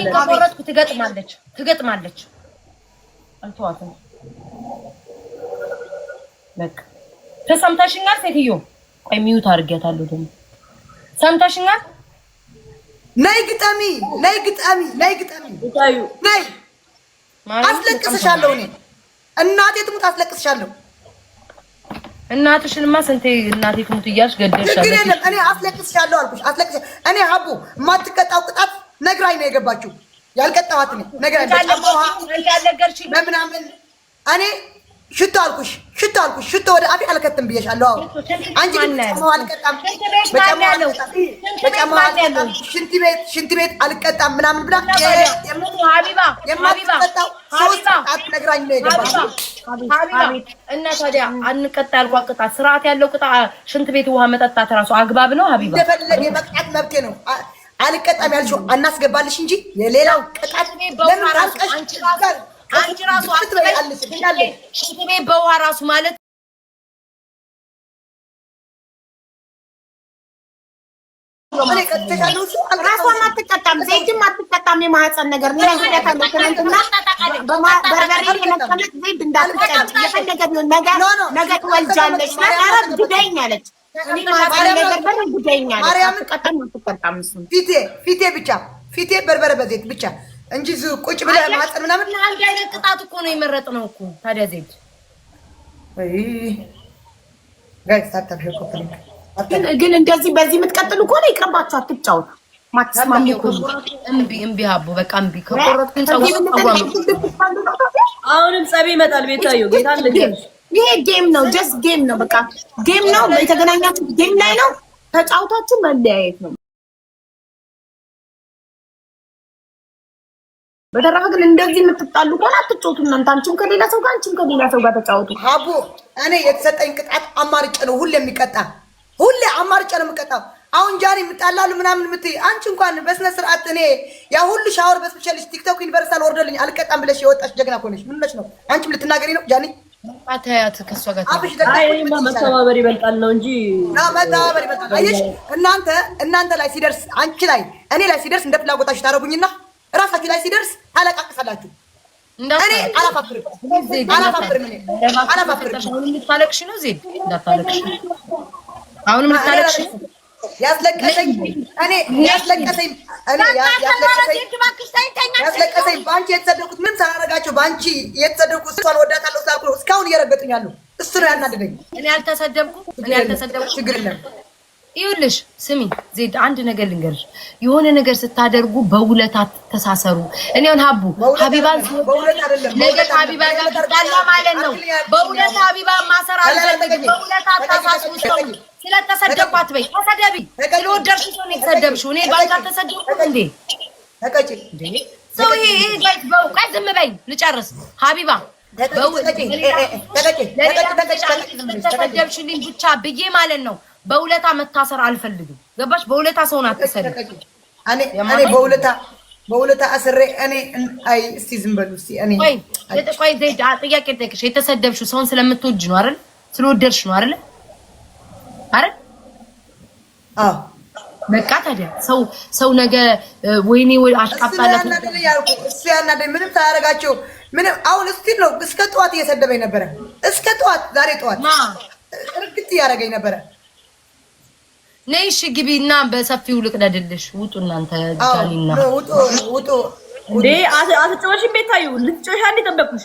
እኔ ከቆረጥኩ ትገጥማለች ትገጥማለች። አልተዋትም። በቃ ተሰምተሽኛል ሴትዮ። ቆይ ሚዩት አድርጌያታለሁ ደግሞ ሰምተሽኛል። ነይ ግጠሚ፣ ነይ ግጠሚ፣ ነይ ግጠሚ፣ ነይ አስለቅስሻለሁ። እኔ እናቴ ትሙት አስለቅስሻለሁ። እናትሽንማ ስንቴ እናቴ ትሙት እያልሽ ገደልሻለሁ። እኔ አስለቅስሻለሁ አልኩሽ። አስለቅስሻለሁ እኔ ሀቡ የማትቀጣው ቅጣት ነግራኝ ነው የገባችው። ያልቀጠዋት ነው ነግራኝ በምናምን እኔ ሽቶ አልኩሽ፣ ሽቶ አልኩሽ፣ ሽቶ ወደ አፌ አልከትም ብዬሻለሁ። አንቺ አልቀጣም፣ ሽንት ቤት አልቀጣም ምናምን ብላ የማትቀጣው ሶስት ነግራኝ ነው እና ታዲያ አንቀጣ ያልኳት ቅጣት፣ ስርዓት ያለው ቅጣት፣ ሽንት ቤት ውሃ መጠጣት እራሱ አግባብ ነው። ሀቢባ እንደፈለገ መቅጣት መብቴ ነው። አልቀጣም ያልሽው አናስገባልሽ እንጂ የሌላው ቅጣት አንቺ ራሱ በውሃ ራሱ ማለት ራሷን አትቀጣም፣ ዘይትም አትቀጣም። የማህፀን ነገር ትወልጃለች። ኧረ ግደኝ አለች። ፊቴ ብቻ ፊቴ በርበረ በዘይት ብቻ እንጂ ቁጭ ብለህ ማጠን ምናምን አንድ አይነት ቅጣት እኮ ነው የመረጥነው እኮ ታዲያ ዘይት ግን እንደዚህ በዚህ የምትቀጥሉ ከሆነ ይቅርባችሁ፣ አትጫወቱ። እምቢ እምቢ በቃ እምቢ። ከቆረጥኩኝ አሁንም ጸቤ ይመጣል ቤታዩ ጌታ ይሄ ጌም ነው፣ ጀስት ጌም ነው። በቃ ጌም ነው። የተገናኛችሁ ጌም ላይ ነው። ተጫውታችሁ መለያየት ነው። በተረፈ ግን እንደዚህ የምትጣሉ ከሆነ አትጫወቱ። እናንተ አንቺም ከሌላ ሰው ጋር አንቺም ከሌላ ሰው ጋር ተጫወቱ። ሀቡ እኔ የተሰጠኝ ቅጣት አማርጬ ነው ሁሌ የሚቀጣ ሁሌ አማርጬ ነው የምቀጣ። አሁን ጃኒ የምጣላሉ ምናምን የምትይ አንቺ እንኳን በስነ ስርዓት እኔ ያ ሁሉ ሻወር በስብሸልሽ ቲክቶክ ዩኒቨርሳል ወርዶልኝ አልቀጣም ብለሽ የወጣሽ ጀግና ከሆነሽ ምን ነው? አንቺም ልትናገሪ ነው ጃኒ አታያት ከእሷ ጋር መተባበር ይበልጣል ነው እንጂ መተባበር ይበልጣል። አየሽ እናንተ እናንተ ላይ ሲደርስ አንቺ ላይ እኔ ላይ ሲደርስ እንደ ፍላጎታችሁ ታደርጉኝና እራሳችሁ ላይ ሲደርስ ታለቃቅሳላችሁ። እኔ አላፋፍርም አላፋፍርም እኔ ያስለቀሰኝ እኔ ያስለቀሰኝ ባንቺ የተሰደቁት ናቸው። በአንቺ የተሰደብኩ እሷን ወዳታለሁ ስላልኩ ነው እስካሁን እየረገጡኝ ያለው። እሱ ነው ያናደደኝ። እኔ ያልተሰደብኩ እኔ ያልተሰደብኩ ችግር የለም። ይኸውልሽ ስሚ ዜድ፣ አንድ ነገር ልንገርሽ፣ የሆነ ነገር ስታደርጉ በውለታ ተሳሰሩ። እኔ አሁን ሀቡ ሀቢባን ነገር ሀቢባ ጋር ብጣላ ማለት ነው። በውለታ ሀቢባ ማሰራ አልፈልግም። በውለታ ተሳሰሩ። ሰው ስለተሰደብኳት በይ ተሰደቢ። ስለወደድሽ ነው የተሰደብሽው። እኔ ባልጋ እንዴ? ተቀጭ ሰው ይሄ ዝም በይ ልጨርስ። ሀቢባ ተቀደብሽልኝ ብቻ ብዬ ማለት ነው። በውለታ መታሰር አልፈልግም። ገባሽ? በውለታ ሰውን አትሰሪ። በውለታ አስሬ እኔ አይ እስቲ ዝም በሉ። እስቲ እኔ ቆይ ጥያቄ ልጠይቅሽ። የተሰደብሽው ሰውን ስለምትወጅ ነው አይደል? ስለወደድሽ ነው አይደል? አይደል? አዎ በቃ ታዲያ ሰው ሰው ነገ ወይኔ ወይ አሽቃጣላት እሱ ያናደኝ ምንም ታያረጋቸው ምንም አሁን እስቲ ነው እስከ ጠዋት እየሰደበኝ ነበረ። እስከ ጠዋት ዛሬ ጠዋት እርግጥ እያደረገኝ ነበረ። ነይ እሺ ግቢ እና በሰፊው ልቅደድልሽ። ውጡ እናንተ ጃሊና ውጡ ውጡ። እንዴ አትጫወሽም ቤታዩ ልትጮሻ እንዴ ጠበቁሽ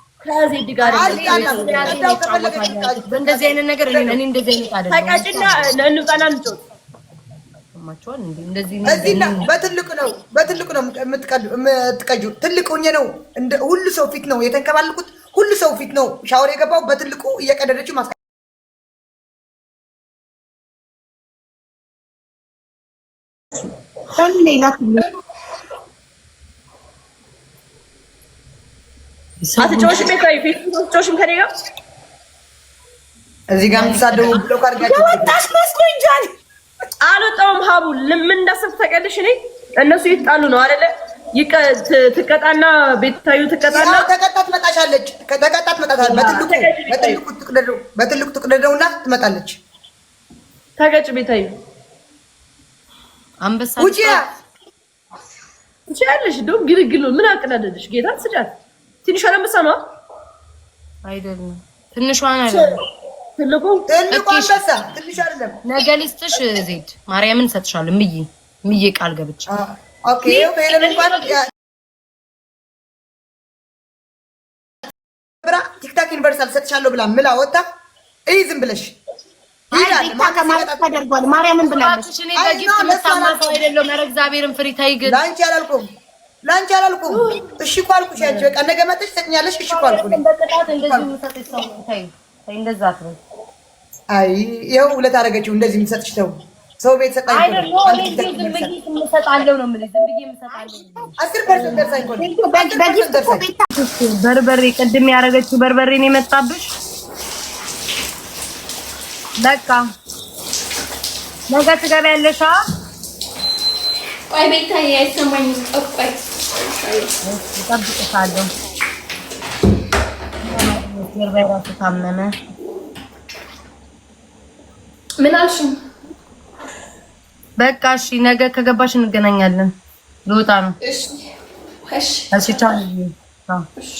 ከዜድ ጋር እንደዚህ አይነት ነገር እኔ እንደዚህ አይነት አይደለም። ተቀጭና ለእንውጣና እንጮት በትልቁ ነው በትልቁ ነው የምትቀጁ። ትልቅ ሆኜ ነው እንደ ሁሉ ሰው ፊት ነው የተንከባልኩት። ሁሉ ሰው ፊት ነው ሻወር የገባው በትልቁ እየቀደደችው ማስ ሌላ አትጫወሽም አትጫወሽም ከኔ ጋር እዚህ ጋር የምትሳደቡ ብሎ ካርጋችሁ ወጣሽ አልወጣሁም። ሀቡ ምን እንዳሰብ ተቀልሽ። እኔ እነሱ ይጣሉ ነው አይደለ? ትቀጣና ቤታዩ ትቀጣና ተቀጣ ትመጣሻለች። ተቀጣ በትልቁ ትቅደደውና ትመጣለች። ቤታዩ አንበሳ ውጪ ያለሽ ግልግሉ ምን አቀዳደደሽ? ጌታ ስጫት ትንሿ አንበሳ ነው አይደለም? ትንሿ አይደለም፣ ትልቁ ትልቁ አንበሳ ትንሿ አይደለም። ነገ ልስጥሽ ዜድ፣ ማርያምን እሰጥሻለሁ። ምዬ ምዬ ቃል ገብቼ ኦኬ ብራ ቲክታክ ዩኒቨርሳል ሰጥሻለሁ ብላ ምላ ወጣ። እይ ዝም ብለሽ ማርያምን ብላለች። እኔ በጊፍት መታማፈው አይደለም። ኧረ እግዚአብሔርን ፍሪ ታይ ግን ለአንቺ አላልኩም ለአንቺ አላልኩም። እሺ እኮ አልኩሽ። አንቺ በቃ ነገ መጥተሽ ትሰጥኛለሽ። እሺ እኮ አልኩኝ። አይ ይኸው ሁለት አደረገችው። እንደዚህ የምትሰጥሽ ሰው ሰው ቤት ሰጣኝ። አስር ፐርሰንት ደርሳኝ በርበሬ፣ ቅድም ያደረገችው በርበሬ ነው የመጣብሽ። በቃ ነገ ትገቢያለሽ። ቆይ ቤታ አይሰማኝም። እጠብቅሻለሁ። ጀርባዬ እራሱ ታመመ። ምን አልሽኝ? በቃ እሺ፣ ነገ ከገባሽ እንገናኛለን። ልወጣ ነው። እሺ፣ እሺ፣ ቻው። እሺ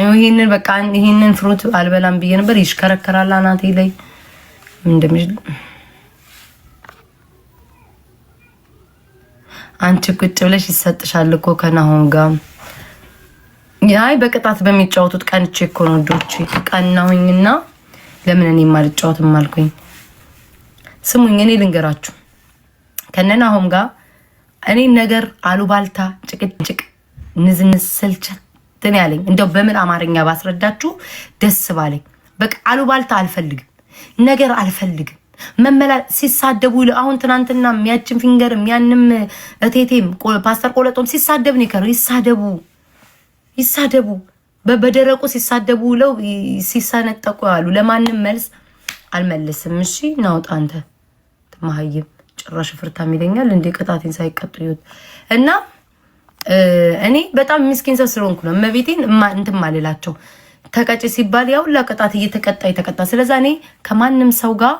ይሄንን በቃ ይሄንን ፍሩት አልበላም ብዬ ነበር። ይሽከረከራል አናቴ ላይ ምንድን አንቺ ቁጭ ብለሽ ይሰጥሻል እኮ ከናሆን ጋር ያይ በቅጣት በሚጫወቱት ቀንቼ እኮ ነው ዶች ቀናሁኝና ለምን እኔ ማልጫወትም አልኩኝ። ስሙኝ እኔ ልንገራችሁ ከነናሆን ጋር እኔ ነገር አሉባልታ፣ ጭቅጭቅ፣ ንዝንዝ ስልችትን ያለኝ እንደው በምን አማርኛ ባስረዳችሁ ደስ ባለኝ። በቃ አሉባልታ አልፈልግም፣ ነገር አልፈልግም መመላ ሲሳደቡ አሁን ትናንትና ያችን ፊንገርም ያንም እቴቴም ፓስተር ቆለጦም ሲሳደብ ነው የቀረው። ይሳደቡ ይሳደቡ፣ በደረቁ ሲሳደቡ ውለው ሲሰነጠቁ አሉ። ለማንም መልስ አልመልስም። እሺ እናውጣ። አንተ ትመሀይም ጭራሽ ፍርታም ይለኛል እንዴ ቅጣቴን ሳይቀጡ ይወት እና እኔ በጣም ሚስኪን ሰው ስለሆንኩ ነው እመቤቴን እንትን ማልላቸው ተቀጭ ሲባል ያው ሁላ ቅጣት እየተቀጣ የተቀጣ ስለዛ እኔ ከማንም ሰው ጋር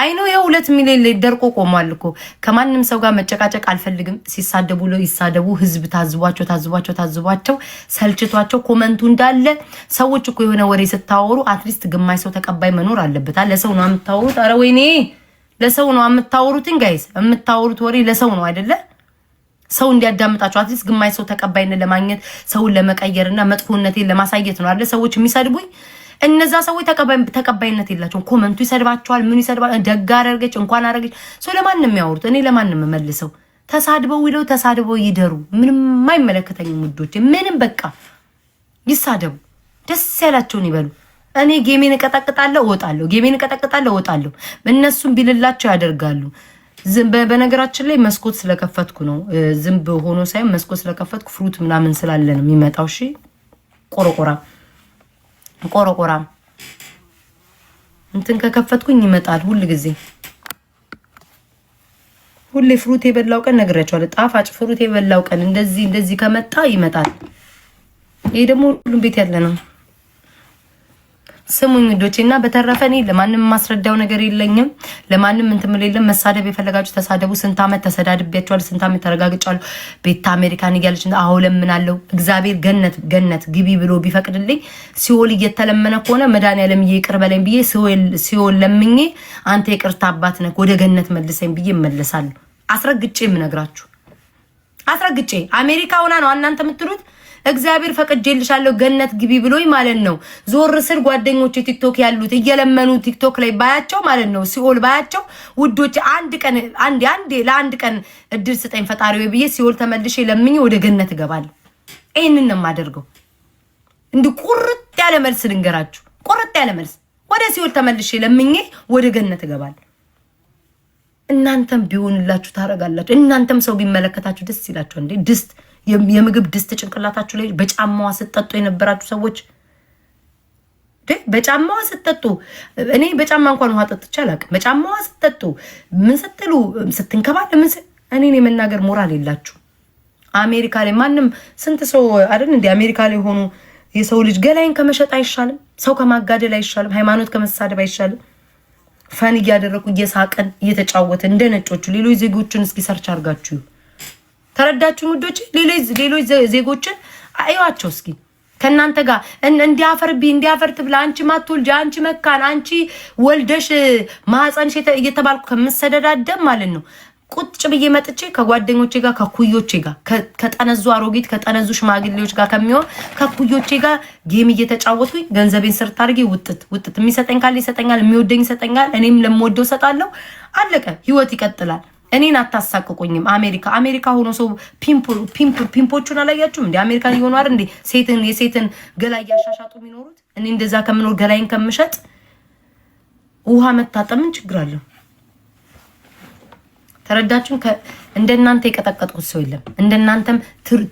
አይኖ የሁለት ሚሊዮን ደርቆ ቆሟል እኮ። ከማንም ሰው ጋር መጨቃጨቅ አልፈልግም። ሲሳደቡ ለው ይሳደቡ። ህዝብ ታዝቧቸው ታዝቧቸው ታዝቧቸው ሰልችቷቸው ኮመንቱ እንዳለ ሰዎች እኮ የሆነ ወሬ ስታወሩ አትሊስት ግማሽ ሰው ተቀባይ መኖር አለበታል። ለሰው ነው የምታወሩት። አረ ወይኔ ለሰው ነው የምታወሩትን ጋይስ፣ የምታወሩት ወሬ ለሰው ነው አይደለ? ሰው እንዲያዳምጣቸው አትሊስት ግማሽ ሰው ተቀባይነት ለማግኘት ሰውን ለመቀየርና መጥፎነቴን ለማሳየት ነው አለ ሰዎች የሚሰድቡኝ እነዛ ሰዎች ተቀባይነት የላቸውም። ኮመንቱ ይሰድባቸዋል፣ ምን ይሰድባል። ደግ አደረገች እንኳን አደረገች ሰው ለማንም የሚያወሩት እኔ ለማንም መልሰው ተሳድበው ይደው ተሳድበው ይደሩ። ምንም አይመለከተኝም ውዶች፣ ምንም በቃ ይሳደቡ፣ ደስ ያላቸውን ይበሉ። እኔ ጌሜን እቀጠቅጣለሁ እወጣለሁ፣ ጌሜን እቀጠቅጣለሁ እወጣለሁ። እነሱም ቢልላቸው ያደርጋሉ። በነገራችን ላይ መስኮት ስለከፈትኩ ነው፣ ዝንብ ሆኖ ሳይሆን መስኮት ስለከፈትኩ ፍሩት ምናምን ስላለ ነው የሚመጣው። እሺ ቆረቆራ ቆረቆራም እንትን ከከፈትኩኝ ይመጣል ሁል ጊዜ ሁሌ ፍሩት የበላው ቀን ነግራቸዋለሁ። ጣፋጭ ፍሩት የበላው ቀን እንደዚህ እንደዚህ ከመጣ ይመጣል። ይሄ ደግሞ ሁሉም ቤት ያለ ነው። ስሙኝ ውዶቼ እና በተረፈ እኔ ለማንም ማስረዳው ነገር የለኝም። ለማንም እንትምል የለም። መሳደብ የፈለጋችሁ ተሳደቡ። ስንት ዓመት ተሰዳድቤያችኋል። ስንት ዓመት ተረጋግጫሉ። ቤታ አሜሪካን እያለች አሁ ለምናለው እግዚአብሔር ገነት ገነት ግቢ ብሎ ቢፈቅድልኝ ሲኦል እየተለመነ ከሆነ መድኃኒዓለም ይቅር በለኝ ብዬ ሲኦል ለምኜ አንተ የቅርታ አባት ነህ ወደ ገነት መልሰኝ ብዬ እመለሳለሁ። አስረግጬ የምነግራችሁ አስረግጬ አሜሪካ ሆና ነው እናንተ የምትሉት እግዚአብሔር ፈቅጄልሻለሁ ገነት ግቢ ብሎኝ ማለት ነው። ዞር ስል ጓደኞች ቲክቶክ ያሉት እየለመኑ ቲክቶክ ላይ ባያቸው ማለት ነው ሲኦል ባያቸው ውዶች፣ አንድ ቀን አንድ አንድ ለአንድ ቀን እድል ስጠኝ ፈጣሪ ብዬ ሲኦል ተመልሼ ለምኜ ወደ ገነት እገባለሁ። ይህንን ነው የማደርገው። ቁርጥ ያለ መልስ ልንገራችሁ፣ ቁርጥ ያለ መልስ ወደ ሲኦል ተመልሼ ለምኜ ወደ ገነት እገባለሁ። እናንተም ቢሆንላችሁ ታደርጋላችሁ። እናንተም ሰው ቢመለከታችሁ ደስ ይላችሁ እንዴ? ድስት የምግብ ድስት ጭንቅላታችሁ ላይ በጫማዋ ስትጠጡ የነበራችሁ ሰዎች በጫማዋ ስትጠጡ፣ እኔ በጫማ እንኳን ውሃ ጠጥቼ አላውቅም። በጫማዋ ስትጠጡ ምን ስትሉ ስትንከባለ ምን እኔን የመናገር ሞራል የላችሁ። አሜሪካ ላይ ማንም ስንት ሰው አይደል እንዲ አሜሪካ ላይ ሆኑ የሰው ልጅ ገላይን ከመሸጥ አይሻልም? ሰው ከማጋደል አይሻልም? ሃይማኖት ከመሳደብ አይሻልም? ፈን እያደረኩ እየሳቀን እየተጫወተን እንደ ነጮቹ ሌሎች ዜጎችን እስኪ ሰርች አድርጋችሁ ተረዳችሁ ውዶች ሌሎች ዜጎችን እዩዋቸው እስኪ ከእናንተ ጋር እንዲያፈርብ እንዲያፈር ትብላ አንቺ ማትወልጅ አንቺ መካን አንቺ ወልደሽ ማህፀንሽ እየተባልኩ ከምሰደዳደም ማለት ነው ቁጭ ብዬ መጥቼ ከጓደኞቼ ጋር ከኩዮቼ ጋር ከጠነዙ አሮጊት ከጠነዙ ሽማግሌዎች ጋር ከሚሆን ከኩዮቼ ጋር ጌም እየተጫወቱ ገንዘቤን ስርት አድርጌ ውጥት ውጥት የሚሰጠኝ ካለ ይሰጠኛል፣ የሚወደኝ ይሰጠኛል፣ እኔም ለምወደው ሰጣለሁ። አለቀ። ህይወት ይቀጥላል። እኔን አታሳቅቁኝም። አሜሪካ አሜሪካ ሆኖ ሰው ፒምፖቹን አላያችሁም እንዴ? አሜሪካን የሆኑ አይደል እንዴ? ሴትን የሴትን ገላ እያሻሻጡ የሚኖሩት እኔ እንደዛ ከምኖር ገላይን ከምሸጥ ውሃ መታጠምን ችግር አለሁ ተረዳችሁን? እንደናንተ የቀጠቀጥኩት ሰው የለም። እንደናንተም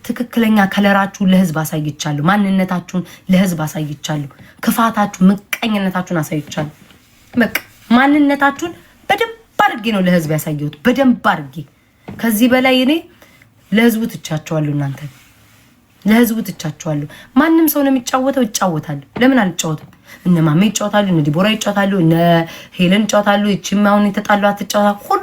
ትክክለኛ ከለራችሁን ለህዝብ አሳይቻለሁ። ማንነታችሁን ለህዝብ አሳይቻለሁ። ክፋታችሁ፣ ምቀኝነታችሁን አሳይቻለሁ። በቃ ማንነታችሁን በደንብ አድርጌ ነው ለህዝብ ያሳየሁት። በደንብ አድርጌ ከዚህ በላይ እኔ ለህዝቡ ትቻቸዋለሁ። እናንተ ለህዝቡ ትቻቸዋለሁ። ማንም ሰው ነው የሚጫወተው። እጫወታለሁ። ለምን አልጫወትም? እነ ማሜ ይጫወታሉ፣ እነ ዲቦራ ይጫወታሉ፣ እነ ሄለን ይጫወታሉ። ይችም አሁን የተጣሉ አትጫወታ ሁሉ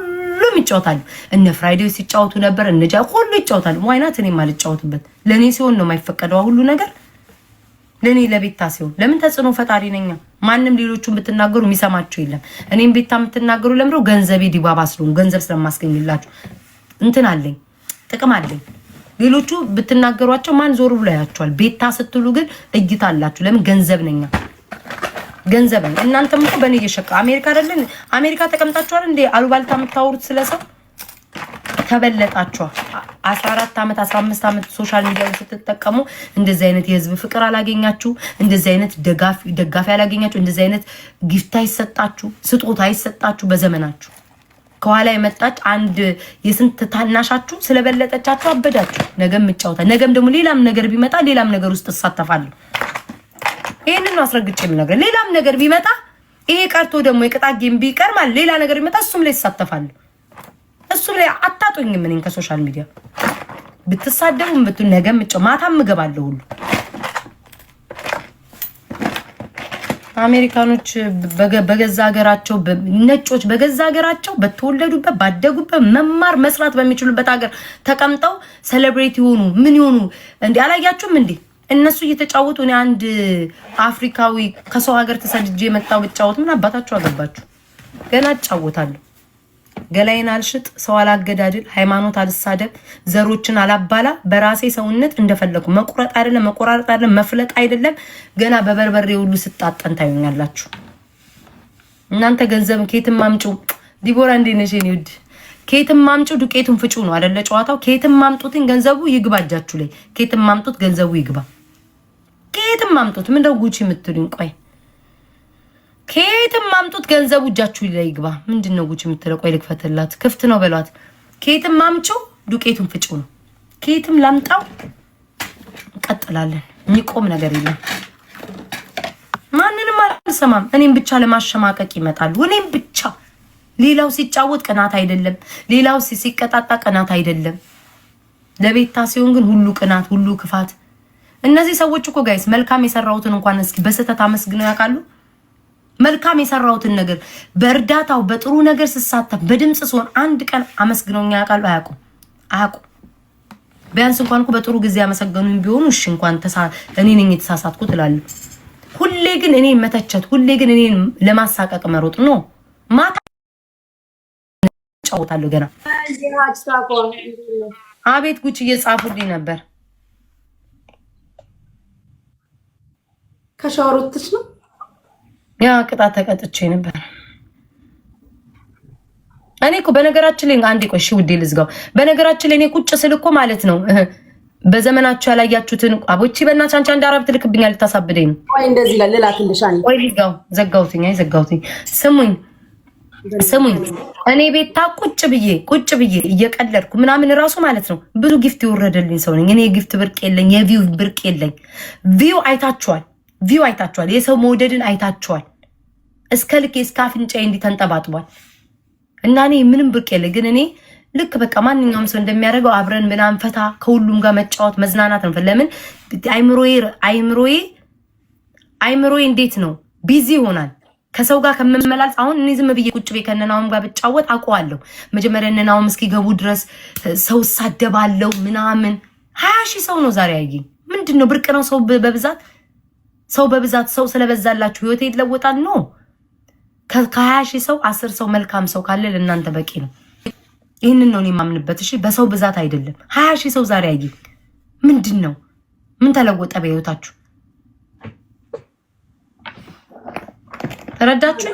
ሁሉም ይጫወታሉ። እነ ፍራይዴ ሲጫወቱ ነበር፣ እነ ጃ ሁሉ ይጫወታሉ። ዋይናት እኔም አልጫወትበት ለእኔ ሲሆን ነው የማይፈቀደው ሁሉ ነገር ለእኔ ለቤታ ሲሆን ለምን ተጽዕኖ ፈጣሪ ነኛ። ማንም ሌሎቹን ብትናገሩ የሚሰማቸው የለም። እኔም ቤታ የምትናገሩ ለምደው ገንዘቤ ዲባባ ስለሆኑ ገንዘብ ስለማስገኝላችሁ እንትን አለኝ ጥቅም አለኝ። ሌሎቹ ብትናገሯቸው ማን ዞር ብሎ ያያቸዋል? ቤታ ስትሉ ግን እይታ አላችሁ። ለምን ገንዘብ ነኛ ገንዘብ ነው። እናንተም እኮ በእኔ እየሸቀ አሜሪካ አይደለን አሜሪካ ተቀምጣችኋል እንዴ? አሉባልታ የምታወሩት ስለሰው ተበለጣችኋል። 14 አራት ዓመት አስራ ዓመት ሶሻል ሚዲያ ስትጠቀሙ እንደዚህ አይነት የህዝብ ፍቅር አላገኛችሁ፣ እንደዚህ አይነት ደጋፊ አላገኛችሁ፣ እንደዚህ አይነት ጊፍት አይሰጣችሁ፣ ስጦታ አይሰጣችሁ። በዘመናችሁ ከኋላ የመጣች አንድ የስንት ታናሻችሁ ስለበለጠቻችሁ አበዳችሁ። ነገም እጫወታ ነገም ደግሞ ሌላም ነገር ቢመጣ ሌላም ነገር ውስጥ እሳተፋለሁ። ይህንን ነው አስረግጬ የምነግርህ። ሌላም ነገር ቢመጣ ይሄ ቀርቶ ደግሞ የቅጣት ጌም ቢቀር ሌላ ነገር ቢመጣ እሱም ላይ ይሳተፋለሁ። እሱም ላይ አታጡኝም። እኔን ከሶሻል ሚዲያ ብትሳደቡ ብት ነገ ምጭ ማታም እገባለሁ ሁሉ አሜሪካኖች በገዛ ሀገራቸው ነጮች በገዛ ሀገራቸው በተወለዱበት ባደጉበት መማር መስራት በሚችሉበት ሀገር ተቀምጠው ሴሌብሬት ይሆኑ ምን ይሆኑ እንዲ አላያችሁም እንዴ? እነሱ እየተጫወቱ እኔ አንድ አፍሪካዊ ከሰው ሀገር ተሰድጄ የመጣው ብጫወት ምን አባታችሁ አገባችሁ? ገና እጫወታለሁ። ገላይን አልሽጥ፣ ሰው አላገዳድል፣ ሃይማኖት አልሳደብ፣ ዘሮችን አላባላ፣ በራሴ ሰውነት እንደፈለጉ መቁረጥ አይደለም መቆራረጥ አይደለም መፍለጥ አይደለም። ገና በበርበሬ ሁሉ ስጣጠን ታዩኛላችሁ። እናንተ ገንዘብ ኬትም ማምጩ። ዲቦራ እንዴት ነሽ የኔ ውድ? ማምጩ፣ ዱቄቱን ፍጩ ነው አይደለ ጨዋታው። ኬትም ማምጡትን ገንዘቡ ይግባ እጃችሁ ላይ ኬትም ማምጡት ገንዘቡ ይግባ። ከየትም አምጡት። ምንደው ጉቺ የምትሉኝ? ቆይ ከየትም አምጡት። ገንዘቡ እጃችሁ ላይ ይግባ። ምንድን ነው ጉቺ የምትለው? ቆይ ልክፈትላት። ክፍት ነው በሏት። ከየትም አምጩ፣ ዱቄቱን ፍጪው ነው። ከየትም ላምጣው። እንቀጥላለን። የሚቆም ነገር የለም። ማንንም አልሰማም። እኔም ብቻ ለማሸማቀቅ ይመጣሉ። እኔም ብቻ ሌላው ሲጫወት ቅናት አይደለም። ሌላው ሲቀጣጣ ቅናት አይደለም። ለቤታ ሲሆን ግን ሁሉ ቅናት፣ ሁሉ ክፋት እነዚህ ሰዎች እኮ ጋይስ መልካም የሰራሁትን እንኳን እስኪ በስህተት አመስግነው ያውቃሉ? መልካም የሰራሁትን ነገር በእርዳታው በጥሩ ነገር ስሳተፍ በድምፅ ሲሆን አንድ ቀን አመስግነውኛ ያውቃሉ? አያውቁም፣ አያውቁም። ቢያንስ እንኳን እኮ በጥሩ ጊዜ ያመሰገኑኝ ቢሆኑ እሺ እንኳን እኔ ነኝ የተሳሳትኩ ትላለህ። ሁሌ ግን እኔ መተቸት፣ ሁሌ ግን እኔን ለማሳቀቅ መሮጥ ነው። ማታ ጫወታለሁ ገና። አቤት ጉቺ እየጻፉልኝ ነበር ከሻወር ነው? ያ ቅጣት ተቀጥቼ ነበር። እኔ እኮ በነገራችን ላይ አንድ ቆይ፣ እሺ ውዴ ልዝጋው። በነገራችን ላይ እኔ ቁጭ ስል እኮ ማለት ነው በዘመናችሁ ያላያችሁትን አቦቺ በእናትሽ አንቺ አንድ አረብ ትልክብኛል፣ ልታሳብደኝ ነው። ወይ? እንደዚህ ይላል። ልላክልሽ። ወይ? ልዝጋው። ዘጋውትኝ። አይ ዘጋውትኝ። ስሙኝ ስሙኝ እኔ ቤታ ቁጭ ብዬ ቁጭ ብዬ እየቀለድኩ ምናምን እራሱ ማለት ነው ብዙ ጊፍት የወረደልኝ ሰው ነኝ እኔ። የጊፍት ብርቅ የለኝ፣ የቪው ብርቅ የለኝ። ቪው አይታችኋል ቪው አይታችኋል። የሰው መውደድን አይታችኋል። እስከ ልክ እስከ አፍንጫዬ እንዲህ ተንጠባጥቧል እና እኔ ምንም ብቅ የለ ግን እኔ ልክ በቃ ማንኛውም ሰው እንደሚያደርገው አብረን ምናምን ፈታ ከሁሉም ጋር መጫወት መዝናናት ነው። ለምን አይምሮዬ አይምሮዬ አይምሮዬ እንዴት ነው ቢዚ ይሆናል ከሰው ጋር ከመመላለስ አሁን እኔ ዝም ብዬ ቁጭ ቤ ከነናውም ጋር ብጫወት አውቀዋለሁ። መጀመሪያ እነናውም እስኪገቡ ድረስ ሰው እሳደባለሁ ምናምን ሀያ ሺህ ሰው ነው ዛሬ ያየኝ። ምንድን ነው ብርቅ ነው ሰው በብዛት ሰው በብዛት ሰው ስለበዛላችሁ ህይወት ይለወጣል ነው። ከሀያ ሺህ ሰው አስር ሰው መልካም ሰው ካለ ለእናንተ በቂ ነው። ይህንን ነው የማምንበት። እሺ በሰው ብዛት አይደለም። ሀያ ሺህ ሰው ዛሬ አየኝ። ምንድን ነው? ምን ተለወጠ በህይወታችሁ? ተረዳችሁ?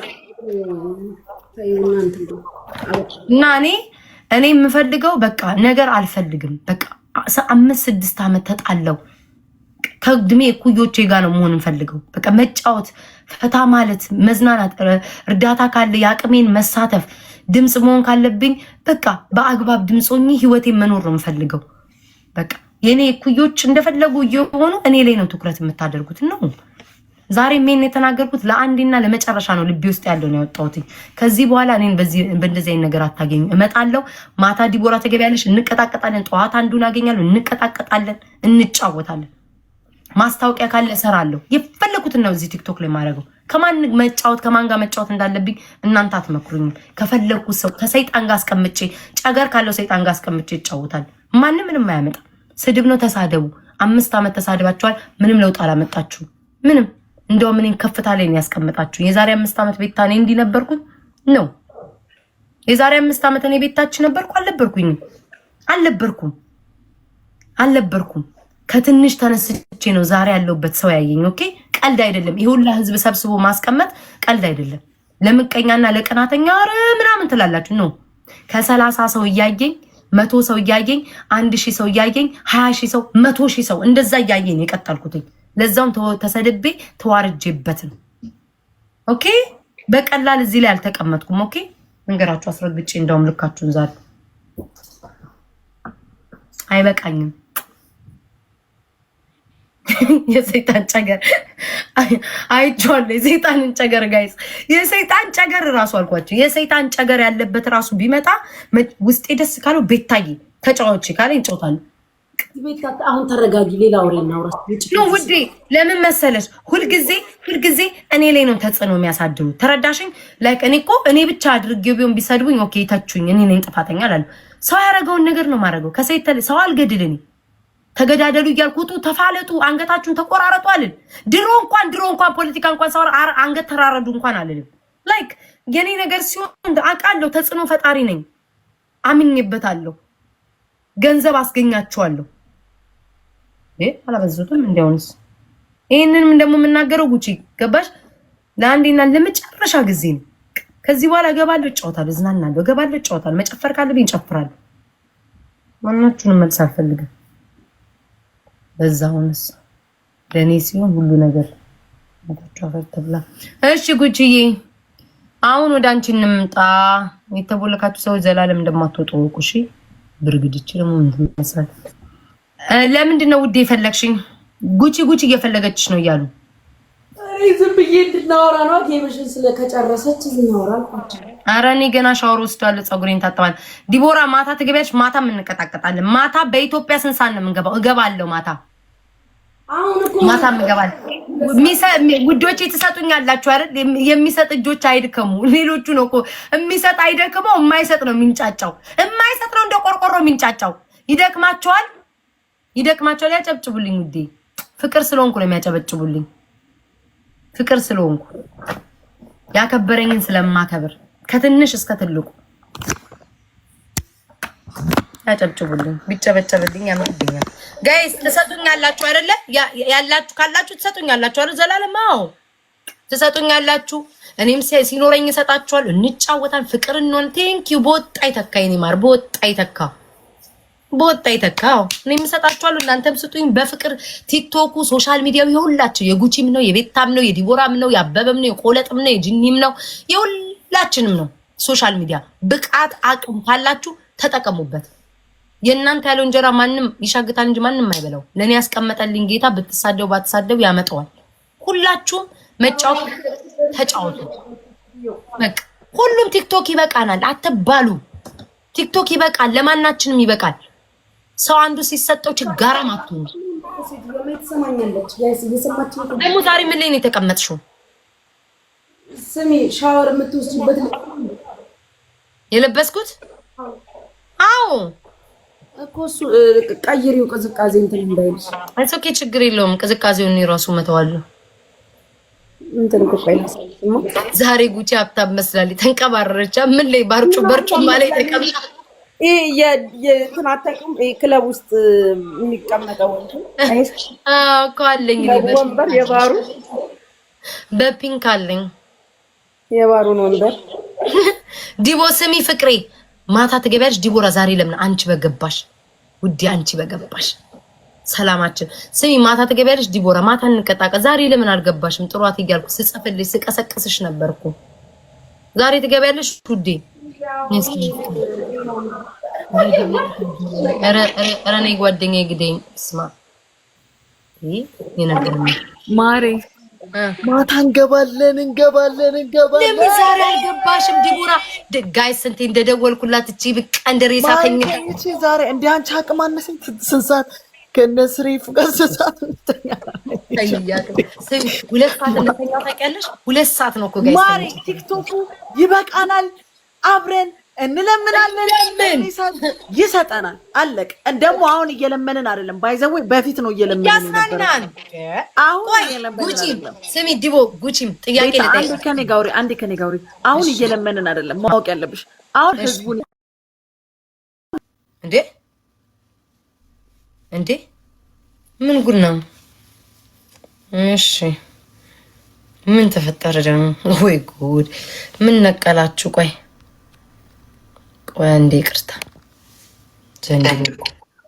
እና እኔ እኔ የምፈልገው በቃ ነገር አልፈልግም። በቃ አምስት ስድስት ዓመት ተጣለው ከእድሜ እኩዮቼ ጋር ነው መሆን እንፈልገው። በቃ መጫወት፣ ፈታ ማለት፣ መዝናናት፣ እርዳታ ካለ የአቅሜን መሳተፍ፣ ድምፅ መሆን ካለብኝ በቃ በአግባብ ድምፆኝ ሆኜ ህይወቴን መኖር ነው የምፈልገው። በቃ የእኔ እኩዮች እንደፈለጉ እየሆኑ እኔ ላይ ነው ትኩረት የምታደርጉት ነው። ዛሬ ሜን የተናገርኩት ለአንዴና ለመጨረሻ ነው። ልቤ ውስጥ ያለውን ያወጣሁትኝ። ከዚህ በኋላ እኔን በእንደዚህ አይነት ነገር አታገኙ። እመጣለሁ። ማታ ዲቦራ ተገቢያለሽ፣ እንቀጣቀጣለን። ጠዋት አንዱን አገኛለሁ፣ እንቀጣቀጣለን፣ እንጫወታለን። ማስታወቂያ ካለ እሰራለሁ። የፈለኩትን ነው እዚህ ቲክቶክ ላይ ማድረገው። ከማን መጫወት ከማን ጋር መጫወት እንዳለብኝ እናንተ አትመክሩኝ ከፈለግኩ ሰው ከሰይጣን ጋር አስቀምጬ ጨገር ካለው ሰይጣን ጋር አስቀምጬ ይጫወታል። ማንም ምንም አያመጣ። ስድብ ነው። ተሳደቡ። አምስት ዓመት ተሳድባችኋል። ምንም ለውጥ አላመጣችሁ። ምንም እንደውም እኔን ከፍታ ላይ ነው ያስቀምጣችሁ። የዛሬ አምስት ዓመት ቤታ እኔ እንዲህ ነበርኩኝ ነው የዛሬ አምስት ዓመት እኔ ቤታችን ነበርኩ። አልነበርኩኝም፣ አልነበርኩም፣ አልነበርኩም። ከትንሽ ተነስቼ ነው ዛሬ ያለሁበት ሰው ያየኝ። ኦኬ ቀልድ አይደለም። የሁላ ህዝብ ሰብስቦ ማስቀመጥ ቀልድ አይደለም። ለምቀኛና ለቀናተኛ ኧረ ምናምን ትላላችሁ ነው። ከሰላሳ ሰው እያየኝ መቶ ሰው እያየኝ አንድ ሺህ ሰው እያየኝ ሀያ ሺህ ሰው መቶ ሺህ ሰው እንደዛ እያየኝ የቀጠልኩትኝ ለዛውም ተሰድቤ ተዋርጄበት ነው። ኦኬ በቀላል እዚህ ላይ አልተቀመጥኩም። ኦኬ መንገራችሁ አስረግጬ እንደውም ልካችሁን ዛሬ አይበቃኝም። የሰይጣን ጨገር አይቼዋለሁ። የሰይጣንን ጨገር ጋይስ፣ የሰይጣን ጨገር እራሱ አልኳቸው። የሰይጣን ጨገር ያለበት ራሱ ቢመጣ ውስጤ ደስ ካለው ቤታዬ ተጫዋች ካለ ይጫወታሉ። አሁን ተረጋጊ፣ ሌላ ወሬ እናውራ ውዴ። ለምን መሰለሽ ሁልጊዜ ሁልጊዜ እኔ ላይ ነው ተጽዕኖ የሚያሳድሩ ተረዳሽኝ? ላይክ እኔ እኮ እኔ ብቻ አድርጌ ቢሆን ቢሰድቡኝ ኦኬ ተቹኝ፣ እኔ ነኝ ጥፋተኛ እላለሁ። ሰው ያደረገውን ነገር ነው የማደርገው። ከሰይተ ሰው እኔ ተገዳደሉ እያልኩ ውጡ፣ ተፋለጡ፣ አንገታችሁን ተቆራረጡ አልን። ድሮ እንኳን ድሮ እንኳን ፖለቲካ እንኳን ሰው አንገት ተራረዱ እንኳን አልልም። ላይክ የኔ ነገር ሲሆን አውቃለሁ። ተጽዕኖ ፈጣሪ ነኝ፣ አምኜበታለሁ። ገንዘብ አስገኛችኋለሁ። አላበዙትም እንዲያውንስ ይህንንም ደግሞ የምናገረው ጉቺ ገባሽ? ለአንዴና ለመጨረሻ ጊዜ ነው። ከዚህ በኋላ እገባለሁ፣ እጫወታለሁ፣ እዝናናለሁ፣ እገባለሁ፣ እጫወታለሁ። መጨፈር ካለብኝ እጨፍራለሁ። ማናችሁንም መልስ አልፈልግም። በዛውንስ ለእኔ ሲሆን ሁሉ ነገር ተብላ። እሺ ጉቺዬ፣ አሁን ወደ አንቺ እንምጣ። የተቦለካችሁ ሰዎች ዘላለም እንደማትወጡ እወቁ። እሺ ብርግድች ደግሞ ለምንድን ነው ውዴ የፈለግሽኝ? ጉቺ ጉቺ እየፈለገችሽ ነው እያሉ ዝም ብዬ እንድናወራ ነው። ጌምሽን እናወራ እኔ ገና ሻወር ወስዳለሁ፣ ፀጉሬን ዲቦራ ማታ ትገቢያለሽ? እንቀጣቀጣለን። ማታ በኢትዮጵያ ስንት ሰዓት ነው የምንገባው? እገባለሁ ማታ ውዶች አይደል? የሚሰጥ እጆች አይድከሙ። ሌሎቹ ነው እኮ የሚሰጥ አይደክመው፣ የማይሰጥ ነው የሚንጫጫው። የማይሰጥ ነው እንደ ቆርቆሮ የሚንጫጫው። ይደክማቸዋል፣ ይደክማቸዋል። ያጨብጭቡልኝ ውዴ፣ ፍቅር ስለሆንኩ ነው የሚያጨበጭቡልኝ። ፍቅር ስለሆንኩ ያከበረኝን ስለማከብር ከትንሽ እስከ ትልቁ ያጨብጭቡልኝ። ቢጨበጨብልኝ ያምርብኛል። ጋይስ ትሰጡኛላችሁ አይደለ? ያላችሁ ካላችሁ ትሰጡኛላችሁ አይደል? ዘላለም አዎ ትሰጡኛላችሁ። እኔም ሲኖረኝ እሰጣችኋል። እንጫወታል፣ ፍቅር እንሆን። ቴንኪዩ። በወጣ ይተካ የኔ ማር፣ በወጣ ይተካ በወጣ ይተካው እኔ የምሰጣችኋለሁ፣ እናንተም ስጡኝ በፍቅር ቲክቶኩ፣ ሶሻል ሚዲያው የሁላችን የጉቺም ነው፣ የቤታም ነው፣ የዲቦራም ነው፣ የአበበም ነው፣ የቆለጥም ነው፣ የጅኒም ነው፣ የሁላችንም ነው። ሶሻል ሚዲያ ብቃት አቅም ካላችሁ ተጠቀሙበት። የእናንተ ያለው እንጀራ ማንም ይሻግታል እንጂ ማንም አይበላው። ለእኔ ያስቀመጠልኝ ጌታ ብትሳደው ባትሳደው ያመጣዋል። ሁላችሁም መጫወት ተጫወቱ። ሁሉም ቲክቶክ ይበቃናል አትባሉ። ቲክቶክ ይበቃል፣ ለማናችንም ይበቃል። ሰው አንዱ ሲሰጠው ችጋራም አትሆኑ። ደግሞ ዛሬ ምን ላይ ነው የተቀመጥሽው? ስሚ ሻወር የምትወስጂበት የለበስኩት አዎ እኮ እሱ ቀይሪው፣ ቅዝቃዜ እንትን እንዳይልሽ። ኦኬ ችግር የለውም። ቅዝቃዜውን እኔ እራሱ መተዋለሁ። እንትን ዛሬ ጉቺ ሀብታም መስላለች፣ ተንቀባረረች። ምን ላይ ባርጩ በርጩ ማለት ተቀምጣ ይህ የትናተቅም ክለብ ውስጥ የሚቀመጠው እኮ አለኝ ወንበር የባሩ በፒንክ አለኝ የባሩን ወንበር። ዲቦ ስሚ ፍቅሬ ማታ ትገቢያለሽ። ዲቦራ ዛሬ ለምን አንቺ በገባሽ ውዴ፣ አንቺ በገባሽ ሰላማችን። ስሚ ማታ ትገቢያለሽ ዲቦራ፣ ማታ እንቀጣቀ። ዛሬ ለምን አልገባሽም? ጥሯት እያልኩ ስጽፍልሽ ስቀሰቅስሽ ነበርኩ። ዛሬ ትገቢያለሽ ውዴ ኧረ እኔ ጓደኛዬ ግደኝ። ስማ የነገር ማሬ ማታ እንገባለን እንገባለን እንገባለን። ለምን ዛሬ አልገባሽም? ዲቦራ ጋይ ስንቴ እንደደወልኩላት እቺ ብቃ እንደ ሬሳ ተኝ ዛሬ እንደ አንቺ አቅም አነሰኝ። ስንት ሰዓት ከነ ስሪፉ ጋር ስንት ሰዓት እንተኛ? ሁለት ሰዓት እንተኛ ታውቂያለሽ? ሁለት ሰዓት ነው እኮ ማሬ ቲክቶኩ ይበቃናል። አብረን እንለምናለን ይሰጠናል። አለቅ ደግሞ አሁን እየለመንን አይደለም፣ ባይዘዌ በፊት ነው እየለመንን ያስናናን። አሁን ጉቺም ስሚ ዲቦ ጉቺም ጥያቄ አንድ ከኔ ጋውሪ አንድ ከኔ ጋውሪ አሁን እየለመንን አይደለም፣ ማወቅ ያለብሽ አሁን ህዝቡን እንዴ እንዴ ምን ጉድ ነው? እሺ ምን ተፈጠረ ደግሞ? ወይ ጉድ ምን ነቀላችሁ? ቆይ ወይ አንዴ ይቅርታ።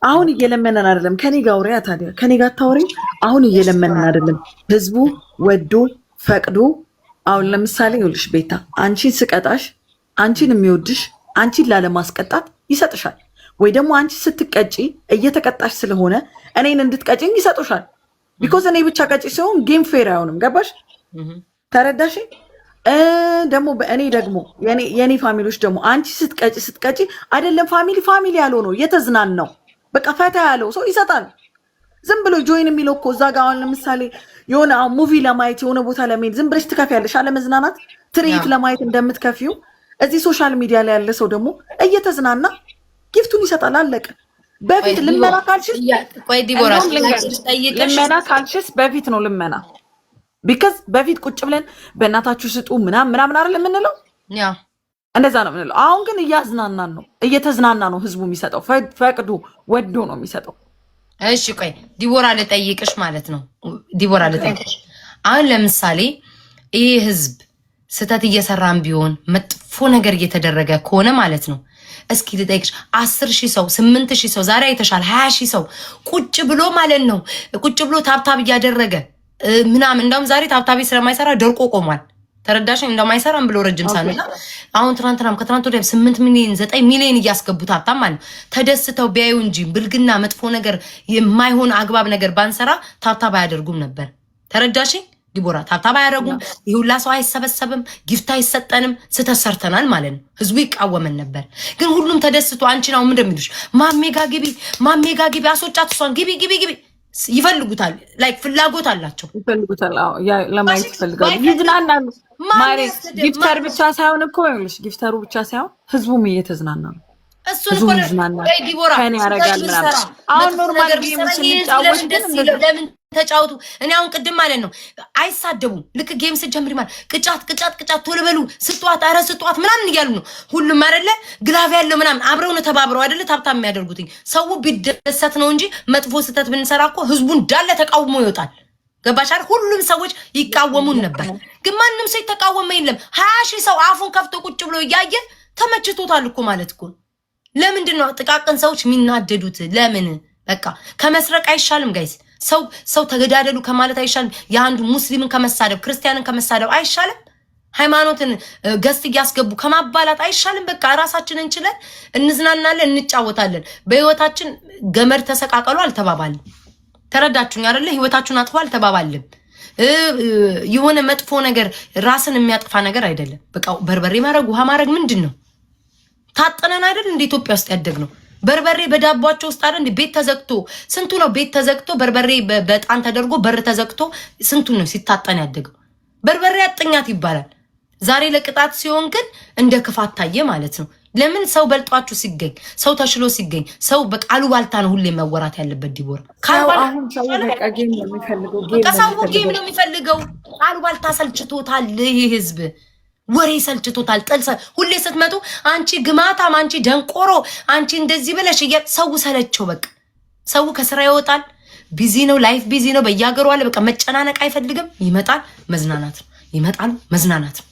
አሁን እየለመነን አይደለም። ከኔ ጋር አውሪያ ታዲያ ከኔ ጋር ታውሪ። አሁን እየለመነን አይደለም። ህዝቡ ወዶ ፈቅዶ አሁን ለምሳሌ ይኸውልሽ ቤታ፣ አንቺን ስቀጣሽ አንቺን የሚወድሽ አንቺን ላለማስቀጣት ይሰጥሻል፣ ወይ ደግሞ አንቺ ስትቀጪ እየተቀጣሽ ስለሆነ እኔን እንድትቀጭኝ ይሰጡሻል። ቢኮዝ እኔ ብቻ ቀጪ ሲሆን ጌም ፌር አይሆንም። ገባሽ? ተረዳሽ? ደግሞ በእኔ ደግሞ የኔ ፋሚሊዎች ደግሞ አንቺ ስትቀጭ ስትቀጪ አይደለም ፋሚሊ ፋሚሊ ያለው ነው የተዝናን ነው በቃ ፈታ ያለው ሰው ይሰጣል። ዝም ብሎ ጆይን የሚለው እኮ እዛ ጋ አሁን ለምሳሌ የሆነ ሙቪ ለማየት የሆነ ቦታ ለመሄድ ዝም ብለሽ ትከፍያለሽ አለመዝናናት ትርኢት ለማየት እንደምትከፊው እዚህ ሶሻል ሚዲያ ላይ ያለ ሰው ደግሞ እየተዝናና ጊፍቱን ይሰጣል። አለቀ። በፊት ልመና ካልሽስ ልመና ካልሽስ በፊት ነው ልመና ቢከዝ በፊት ቁጭ ብለን በእናታችሁ ስጡ ምናም ምናምን አይደል የምንለው፣ እንደዛ ነው የምንለው። አሁን ግን እያዝናናን ነው፣ እየተዝናና ነው ህዝቡ የሚሰጠው፣ ፈቅዶ ወዶ ነው የሚሰጠው። እሺ ቆይ ዲቦራ ልጠይቅሽ ማለት ነው። ዲቦራ ልጠይቅሽ አሁን ለምሳሌ ይህ ህዝብ ስህተት እየሰራን ቢሆን መጥፎ ነገር እየተደረገ ከሆነ ማለት ነው እስኪ ልጠይቅሽ አስር ሺህ ሰው ስምንት ሺህ ሰው ዛሬ አይተሻል፣ ሀያ ሺህ ሰው ቁጭ ብሎ ማለት ነው ቁጭ ብሎ ታብታብ እያደረገ ምናምን እንደውም ዛሬ ታብታቤ ስለማይሰራ ደርቆ ቆሟል። ተረዳሽን? እንደማይሰራም ብሎ ረጅም ሳንላ አሁን ትናንትናም ከትናንት ወዲያም ስምንት ሚሊዮን ዘጠኝ ሚሊዮን እያስገቡ ሀብታም ማለት ነው። ተደስተው ቢያዩ እንጂ ብልግና፣ መጥፎ ነገር፣ የማይሆን አግባብ ነገር ባንሰራ ታብታብ አያደርጉም ነበር። ተረዳሽን? ዲቦራ ታብታብ አያደርጉም። ይሁላ ሰው አይሰበሰብም፣ ጊፍት አይሰጠንም። ስተሰርተናል ማለት ነው። ህዝቡ ይቃወመን ነበር። ግን ሁሉም ተደስቶ አንቺን አሁን ምንድን ነው የሚሉሽ? ማሜጋ ጋ ግቢ፣ ማሜ ጋ ግቢ፣ አስወጫት እሷን ግቢ፣ ግቢ፣ ግቢ ይፈልጉታል ላይክ ፍላጎት አላቸው፣ ይፈልጉታል። አዎ ለማየት ይፈልጋሉ፣ ይዝናናሉ። ማለት ጊፍተር ብቻ ሳይሆን እኮ ይኸውልሽ፣ ጊፍተሩ ብቻ ሳይሆን ህዝቡም እየተዝናና ነው። ህዝቡም ይዝናናል፣ ከኔ ያደርጋል ምናምን። አሁን ኖርማል ጌም ስንጫወት ግን ተጫወቱ። እኔ አሁን ቅድም ማለት ነው አይሳደቡም። ልክ ጌም ስጀምር ማለት ቅጫት ቅጫት ቅጫት ቶሎ በሉ ስጧት፣ አረ ስጧት ምናምን እያሉ ነው ሁሉም አይደለ ግላቭ ያለው ምናምን አብረው ነው ተባብረው አይደለ ታብታ የሚያደርጉትኝ። ሰው ቢደሰት ነው እንጂ መጥፎ ስህተት ብንሰራ እኮ ህዝቡ እንዳለ ተቃውሞ ይወጣል። ገባሻል? ሁሉም ሰዎች ይቃወሙን ነበር፣ ግን ማንም ሰው የተቃወመ የለም። ሀያ ሺህ ሰው አፉን ከፍቶ ቁጭ ብሎ እያየ ተመችቶታል እኮ ማለት እኮ። ለምንድን ነው ጥቃቅን ሰዎች የሚናደዱት? ለምን በቃ ከመስረቅ አይሻልም ጋይስ? ሰው ሰው ተገዳደሉ ከማለት አይሻልም? የአንዱ ሙስሊምን ከመሳደብ ክርስቲያንን ከመሳደብ አይሻልም? ሃይማኖትን ገስት እያስገቡ ከማባላት አይሻልም? በቃ ራሳችን እንችለን፣ እንዝናናለን፣ እንጫወታለን። በህይወታችን ገመድ ተሰቃቀሉ አልተባባልም። ተረዳችሁኝ አይደለ? ህይወታችሁን አጥፎ አልተባባልም። የሆነ መጥፎ ነገር ራስን የሚያጥፋ ነገር አይደለም። በቃ በርበሬ ማድረግ ውሃ ማድረግ ምንድን ነው? ታጠነን አይደል? እንደ ኢትዮጵያ ውስጥ ያደግ ነው። በርበሬ በዳቧቸው ውስጥ አይደል? ቤት ተዘግቶ ስንቱ ነው ቤት ተዘግቶ በርበሬ በጣን ተደርጎ በር ተዘግቶ ስንቱ ነው ሲታጠን ያደገው። በርበሬ አጥኛት ይባላል። ዛሬ ለቅጣት ሲሆን ግን እንደ ክፋት ታየ ማለት ነው። ለምን ሰው በልጧችሁ ሲገኝ፣ ሰው ተሽሎ ሲገኝ፣ ሰው በቃሉ ባልታ ነው ሁሌ መወራት ያለበት። ዲቦር ሰው ጌም ነው የሚፈልገው። ቃሉ ባልታ ሰልችቶታል ይህ ህዝብ ወሬ ሰልችቶታል። ጥልሰ ሁሌ ስትመጡ አንቺ ግማታም፣ አንቺ ደንቆሮ፣ አንቺ እንደዚህ ብለሽ ሰው ሰለቸው። በቃ ሰው ከስራ ይወጣል። ቢዚ ነው፣ ላይፍ ቢዚ ነው። በየሀገሩ አለ። በቃ መጨናነቅ አይፈልግም። ይመጣል፣ መዝናናት ነው። ይመጣል፣ መዝናናት ነው።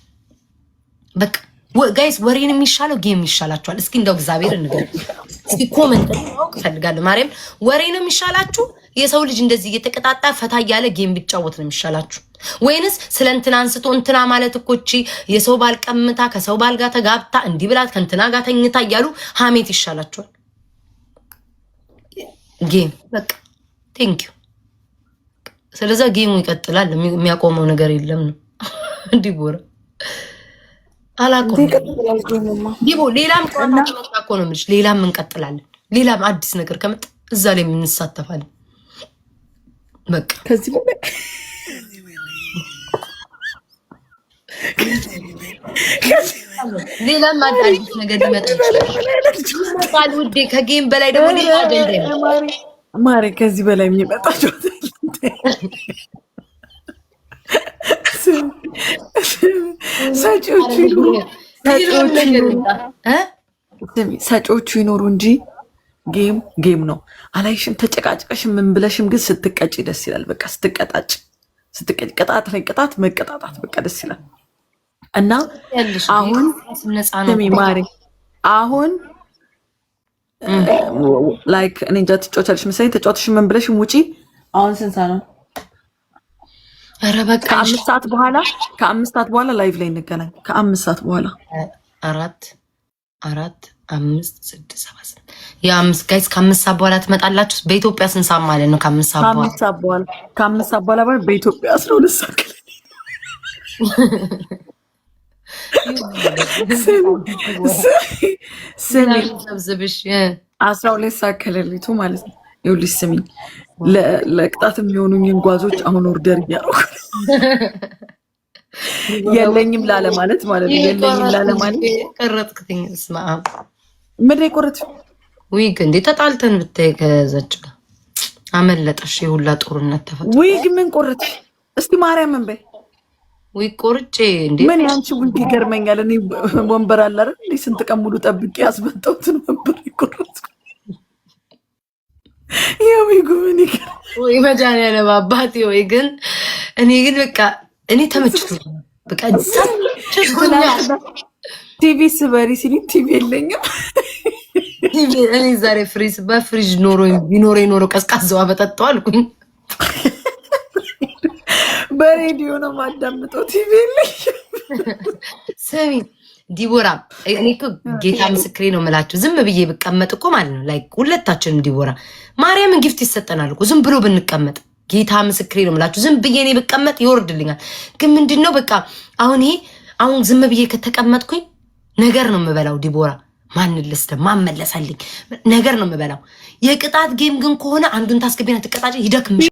በቃ ጋይስ፣ ወሬን የሚሻለው ጌም ይሻላችኋል። እስኪ እንደው እግዚአብሔር እንገር እስኪ ኮመንት ማወቅ እፈልጋለሁ። ማርያም፣ ወሬ ነው የሚሻላችሁ? የሰው ልጅ እንደዚህ እየተቀጣጣ ፈታ እያለ ጌም ቢጫወት ነው የሚሻላችሁ? ወይንስ ስለ እንትና አንስቶ እንትና ማለት እኮ እቺ የሰው ባል ቀምታ ከሰው ባል ጋር ተጋብታ እንዲህ ብላት ከእንትና ጋር ተኝታ እያሉ ሀሜት ይሻላቸዋል። ጌም በቃ ቴንክ ዩ። ስለዛ ጌሙ ይቀጥላል። የሚያቆመው ነገር የለም ነው ዲቦራ አላቆም ዲቦ ሌላም ጨዋታ እኮ ነው የምልሽ። ሌላም እንቀጥላለን። ሌላም አዲስ ነገር ከመጣ እዛ ላይ የምንሳተፋለን። በቃ ከዚህ ሌላም ነገር ውዴ ከጌም በላይ ደግሞ ሌላ ማሬ ከዚህ በላይ የሚመጣቸው ሰጪዎቹ ይኖሩ እንጂ ጌም ጌም ነው። አላይሽም ተጨቃጭቀሽ ምን ብለሽም ግን ስትቀጭ ደስ ይላል። በቃ ስትቀጣጭ ስትቀጭ ቅጣት ላይ ቅጣት መቀጣጣት በቃ ደስ ይላል። እና አሁን ማሪ አሁን ላይክ እኔ እንጃ ትጫወቻለሽ መሰለኝ። ተጫወትሽ ምን ብለሽ ውጪ። አሁን ስንት ሰዓት ነው? ኧረ በቃ ከአምስት ሰዓት በኋላ ከአምስት ሰዓት በኋላ ላይቭ ላይ እንገናኝ። ከአምስት ሰዓት በኋላ አራት አራት አምስት ስድስት ሰባት የአምስት ጋይስ ከአምስት ሰዓት በኋላ ትመጣላችሁ። በኢትዮጵያ ስንት ሰዓት ማለት ነው? ከአምስት ሰዓት በኋላ ከአምስት ሰዓት በኋላ በኢትዮጵያ አስራ ሁለት ሰዓት አስራ ሁለት ሰዓት ከሌሊቱ ማለት ነው። ይኸውልሽ ስሚኝ፣ ለቅጣት የሚሆኑኝን ጓዞች አሁን ኦርደር እያደረኩ የለኝም ላለ ማለት ማለት ነው። የለኝም ላለ ማለት ቀረጥክትኝ። ስማ ዊግ እንዴ ተጣልተን ብታይ አመለጠሽ። የሁላ ጦርነት ተፈጥሮ ዊግ ምን ቆረት እስቲ ማርያምን በይ ወይ ቆርጬ ምን ያንቺ ውይ ይገርመኛል። እኔ ወንበር አለ አይደል እንዴ? ስንት ቀን ሙሉ ጠብቄ ያስመጣሁትን ወንበር ይቆረጥ ይገር ወይ አባቴ ወይ ግን እኔ ግን በቃ እኔ በቃ ቲቪ ስበሪ ቲቪ የለኝም። እኔ ዛሬ በፍሪጅ ኖሮ ቢኖረ ኖሮ ቀዝቃዛዋ በሬዲዮ ነው ማዳምጠው። ቲቪ ላይ ስሚ ዲቦራ፣ እኔ እኮ ጌታ ምስክሬ ነው የምላቸው። ዝም ብዬ ብቀመጥ እኮ ማለት ነው ላይ ሁለታችንም ዲቦራ ማርያምን ጊፍት ይሰጠናል እኮ ዝም ብሎ ብንቀመጥ ጌታ ምስክሬ ነው የምላችሁ። ዝም ብዬ እኔ ብቀመጥ ይወርድልኛል። ግን ምንድን ነው በቃ አሁን ይሄ አሁን ዝም ብዬ ከተቀመጥኩኝ ነገር ነው የምበላው። ዲቦራ ማንልስተ ማመለሳልኝ ነገር ነው የምበላው። የቅጣት ጌም ግን ከሆነ አንዱን ታስገቢና ትቀጣጭ ይደክም።